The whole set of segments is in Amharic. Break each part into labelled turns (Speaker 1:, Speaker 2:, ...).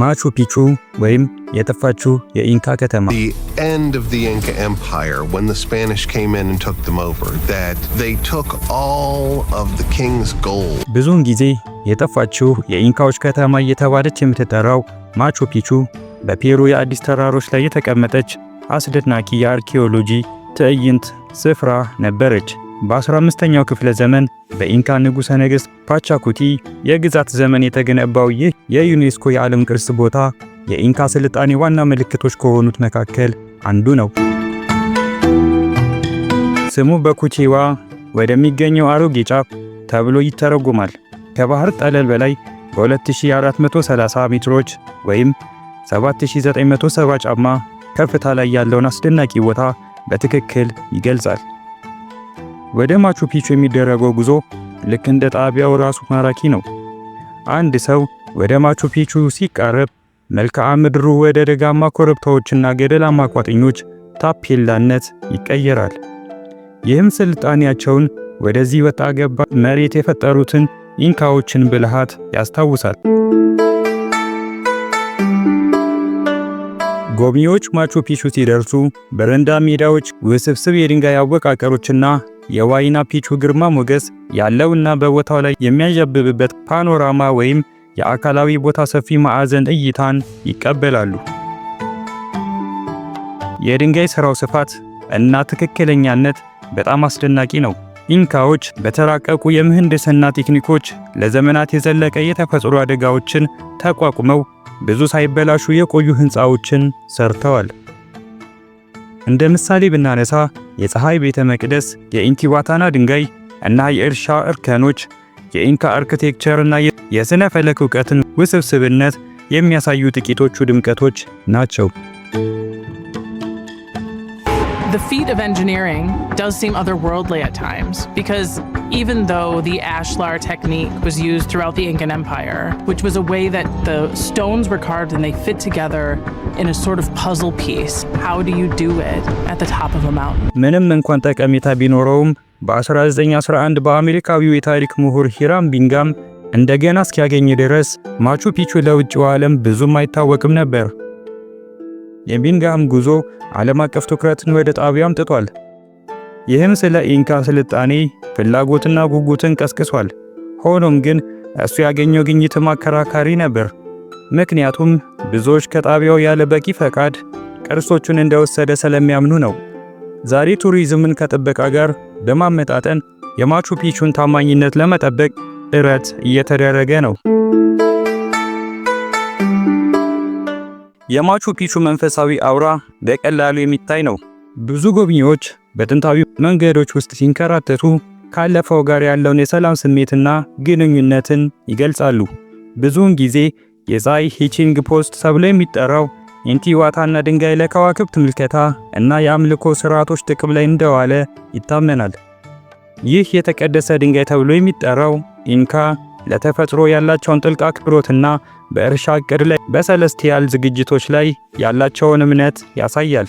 Speaker 1: ማቹ ፒቹ ወይም የጠፋችው የኢንካ ከተማ
Speaker 2: end of the Inca Empire when the Spanish came in and took them over that they took all of the king's gold
Speaker 1: ብዙውን ጊዜ የጠፋችው የኢንካዎች ከተማ እየተባለች የምትጠራው ማቹ ፒቹ በፔሩ የአዲስ ተራሮች ላይ የተቀመጠች አስደናቂ የአርኪኦሎጂ ትዕይንት ስፍራ ነበረች። በ15ኛው ክፍለ ዘመን በኢንካ ንጉሠ ነገሥት ፓቻኩቲ የግዛት ዘመን የተገነባው ይህ የዩኔስኮ የዓለም ቅርስ ቦታ የኢንካ ስልጣኔ ዋና ምልክቶች ከሆኑት መካከል አንዱ ነው። ስሙ በኩቼዋ ወደሚገኘው አሮጌ ጫፍ ተብሎ ይተረጎማል። ከባህር ጠለል በላይ በ2430 ሜትሮች ወይም 7970 ጫማ ከፍታ ላይ ያለውን አስደናቂ ቦታ በትክክል ይገልጻል። ወደ ማቹ ፒቹ የሚደረገው ጉዞ ልክ እንደ ጣቢያው ራሱ ማራኪ ነው። አንድ ሰው ወደ ማቹ ፒቹ ሲቃረብ መልክዓ ምድሩ ወደ ደጋማ ኮረብታዎችና ገደላማ ቋጥኞች ታፔላነት ይቀየራል። ይህም ስልጣኔያቸውን ወደዚህ ወጣ ገባ መሬት የፈጠሩትን ኢንካዎችን ብልሃት ያስታውሳል። ጎብኚዎች ማቹ ፒቹ ሲደርሱ በረንዳ ሜዳዎች፣ ውስብስብ የድንጋይ አወቃቀሮችና የዋይና ፒቹ ግርማ ሞገስ ያለውና በቦታው ላይ የሚያዣብብበት ፓኖራማ ወይም የአካላዊ ቦታ ሰፊ ማዕዘን እይታን ይቀበላሉ። የድንጋይ ሥራው ስፋት እና ትክክለኛነት በጣም አስደናቂ ነው። ኢንካዎች በተራቀቁ የምህንድስና ቴክኒኮች ለዘመናት የዘለቀ የተፈጥሮ አደጋዎችን ተቋቁመው ብዙ ሳይበላሹ የቆዩ ሕንፃዎችን ሰርተዋል። እንደ ምሳሌ ብናነሳ የፀሐይ ቤተ መቅደስ፣ የኢንቲዋታና ድንጋይ እና የእርሻ እርከኖች የኢንካ አርክቴክቸርና የሥነ ፈለክ ዕውቀትን ውስብስብነት የሚያሳዩ ጥቂቶቹ ድምቀቶች ናቸው።
Speaker 3: The feat of engineering does seem otherworldly at times because even though the ashlar technique was used throughout the Incan Empire, which was a way that the stones were carved and they fit together in a sort of puzzle piece, how do you do it at the top of a mountain?
Speaker 1: ምንም እንኳን ጠቀሜታ ቢኖረውም በ1911 በአሜሪካዊው የታሪክ ምሁር ሂራም ቢንጋም እንደገና እስኪያገኝ ድረስ ማቹ ፒቹ ለውጭው ዓለም ብዙም አይታወቅም ነበር። የሚንጋም ጉዞ ዓለም አቀፍ ትኩረትን ወደ ጣቢያው አምጥቷል። ይህም ስለ ኢንካ ስልጣኔ ፍላጎትና ጉጉትን ቀስቅሷል። ሆኖም ግን እሱ ያገኘው ግኝትም አከራካሪ ነበር። ምክንያቱም ብዙዎች ከጣቢያው ያለ በቂ ፈቃድ ቅርሶቹን እንደወሰደ ስለሚያምኑ ነው። ዛሬ ቱሪዝምን ከጥበቃ ጋር በማመጣጠን የማቹ ፒቹን ታማኝነት ለመጠበቅ ጥረት እየተደረገ ነው። የማቹ ፒቹ መንፈሳዊ አውራ በቀላሉ የሚታይ ነው። ብዙ ጎብኚዎች በጥንታዊ መንገዶች ውስጥ ሲንከራተቱ ካለፈው ጋር ያለውን የሰላም ስሜትና ግንኙነትን ይገልጻሉ። ብዙውን ጊዜ የፀሐይ ሂቺንግ ፖስት ተብሎ የሚጠራው ኢንቲዋታና ድንጋይ ለከዋክብት ምልከታ እና የአምልኮ ስርዓቶች ጥቅም ላይ እንደዋለ ይታመናል። ይህ የተቀደሰ ድንጋይ ተብሎ የሚጠራው ኢንካ ለተፈጥሮ ያላቸውን ጥልቅ አክብሮትና በእርሻ ዕቅድ ላይ፣ በሰለስቲያል ዝግጅቶች ላይ ያላቸውን እምነት ያሳያል።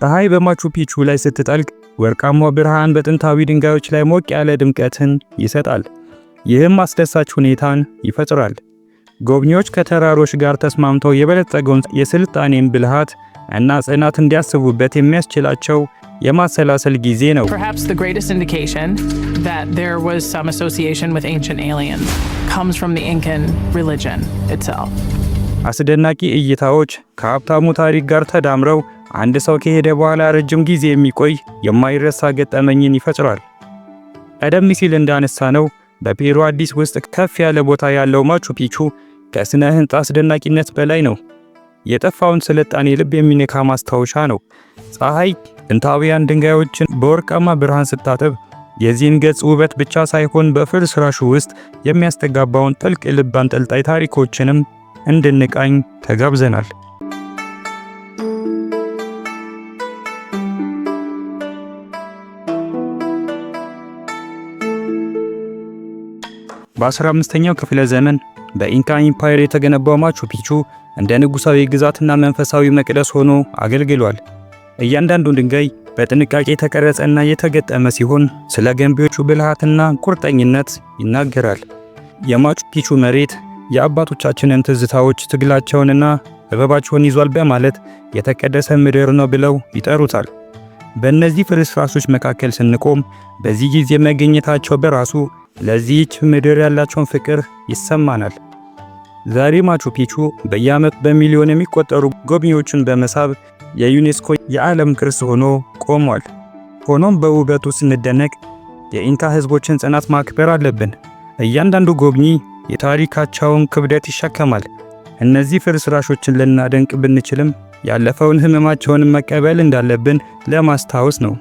Speaker 1: ፀሐይ በማቹ ፒቹ ላይ ስትጠልቅ ወርቃማ ብርሃን በጥንታዊ ድንጋዮች ላይ ሞቅ ያለ ድምቀትን ይሰጣል። ይህም አስደሳች ሁኔታን ይፈጥራል። ጎብኚዎች ከተራሮች ጋር ተስማምተው የበለጸገውን የስልጣኔን ብልሃት እና ጽናት እንዲያስቡበት የሚያስችላቸው የማሰላሰል ጊዜ ነው። አስደናቂ እይታዎች ከሀብታሙ ታሪክ ጋር ተዳምረው አንድ ሰው ከሄደ በኋላ ረጅም ጊዜ የሚቆይ የማይረሳ ገጠመኝን ይፈጥራል። ቀደም ሲል እንዳነሳ ነው በፔሩ አዲስ ውስጥ ከፍ ያለ ቦታ ያለው ማቹ ፒቹ ከስነ ህንፃ አስደናቂነት በላይ ነው። የጠፋውን ስልጣኔ ልብ የሚነካ ማስታወሻ ነው። ፀሐይ ጥንታዊያን ድንጋዮችን በወርቃማ ብርሃን ስታጥብ የዚህን ገጽ ውበት ብቻ ሳይሆን በፍርስራሹ ውስጥ የሚያስተጋባውን ጥልቅ ልብ አንጠልጣይ ታሪኮችንም እንድንቃኝ ተጋብዘናል። በ15ኛው ክፍለ ዘመን በኢንካ ኢምፓየር የተገነባው ማቹ ፒቹ እንደ ንጉሳዊ ግዛትና መንፈሳዊ መቅደስ ሆኖ አገልግሏል። እያንዳንዱ ድንጋይ በጥንቃቄ የተቀረጸና የተገጠመ ሲሆን ስለ ገንቢዎቹ ብልሃትና ቁርጠኝነት ይናገራል። የማቹ ፒቹ መሬት የአባቶቻችንን ትዝታዎች፣ ትግላቸውንና ጥበባቸውን ይዟል በማለት የተቀደሰ ምድር ነው ብለው ይጠሩታል። በእነዚህ ፍርስራሾች መካከል ስንቆም በዚህ ጊዜ መገኘታቸው በራሱ ለዚህች ምድር ያላቸውን ፍቅር ይሰማናል። ዛሬ ማቹ ፒቹ በየዓመቱ በሚሊዮን የሚቆጠሩ ጎብኚዎችን በመሳብ የዩኔስኮ የዓለም ቅርስ ሆኖ ቆሟል። ሆኖም በውበቱ ስንደነቅ የኢንካ ህዝቦችን ጽናት ማክበር አለብን። እያንዳንዱ ጎብኚ የታሪካቸውን ክብደት ይሸከማል። እነዚህ ፍርስራሾችን ልናደንቅ ብንችልም ያለፈውን ህመማቸውን መቀበል እንዳለብን ለማስታወስ ነው።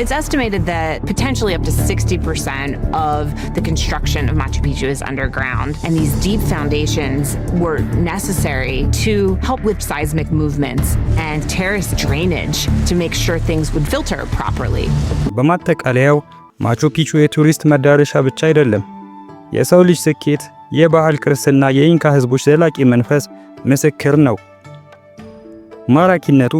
Speaker 4: It's estimated that potentially up to 60% of the construction of Machu Picchu is underground, and these deep foundations were necessary to help with seismic movements and terrace drainage to make sure things would filter properly.
Speaker 1: በማጠቃለያው ማቹ ፒቹ የቱሪስት መዳረሻ ብቻ አይደለም። የሰው ልጅ ስኬት፣ የባህል ቅርስና የኢንካ ሕዝቦች ዘላቂ መንፈስ ምስክር ነው። ማራኪነቱ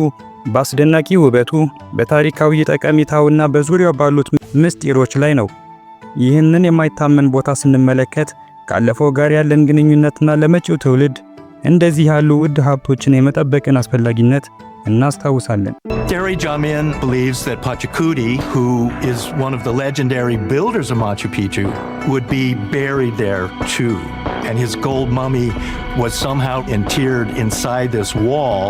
Speaker 1: በአስደናቂ ውበቱ በታሪካዊ ጠቀሜታውና በዙሪያው ባሉት ምስጢሮች ላይ ነው። ይህንን የማይታመን ቦታ ስንመለከት ካለፈው ጋር ያለን ግንኙነትና ለመጪው ትውልድ እንደዚህ ያሉ ውድ ሀብቶችን የመጠበቅን አስፈላጊነት እናስታውሳለን።
Speaker 2: Derry Jamin believes that Pachacuti, who is one of the legendary builders of Machu Picchu, would be buried there too. And his gold mummy was somehow interred inside this wall.